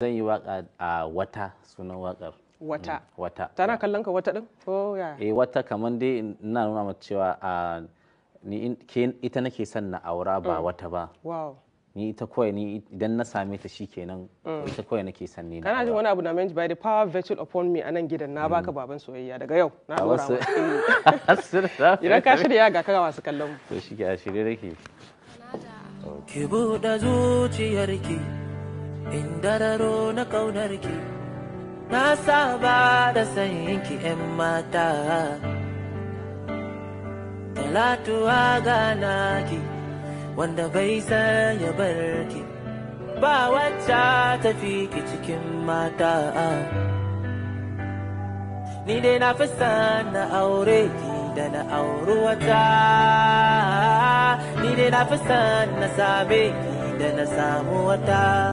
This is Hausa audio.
zan yi waka a wata sunan wakar wata mm, wata tana kallon ka wata din ko oh, ya eh wata kaman dai ina nuna mata cewa a ni ita nake son na aura ba mm. wata ba wow ni ita kawai ni idan na same ta shikenan mm. ita kawai nake son ni kana jin wani abu na menji by the power virtual upon me anan gidan na baka baban soyayya daga yau na dora idan ka shirya ga kaga masu kallon to shige a shirye nake ki buɗe zuciyarki in dararo na ƙaunarki na saba da ki 'yan mata talatuwa gana ki wanda bai sanya barki ba wacce tafi ki cikin mata ni dai na fi san na aure ki da na auri wata ni dai na fi san na same ki da na samu wata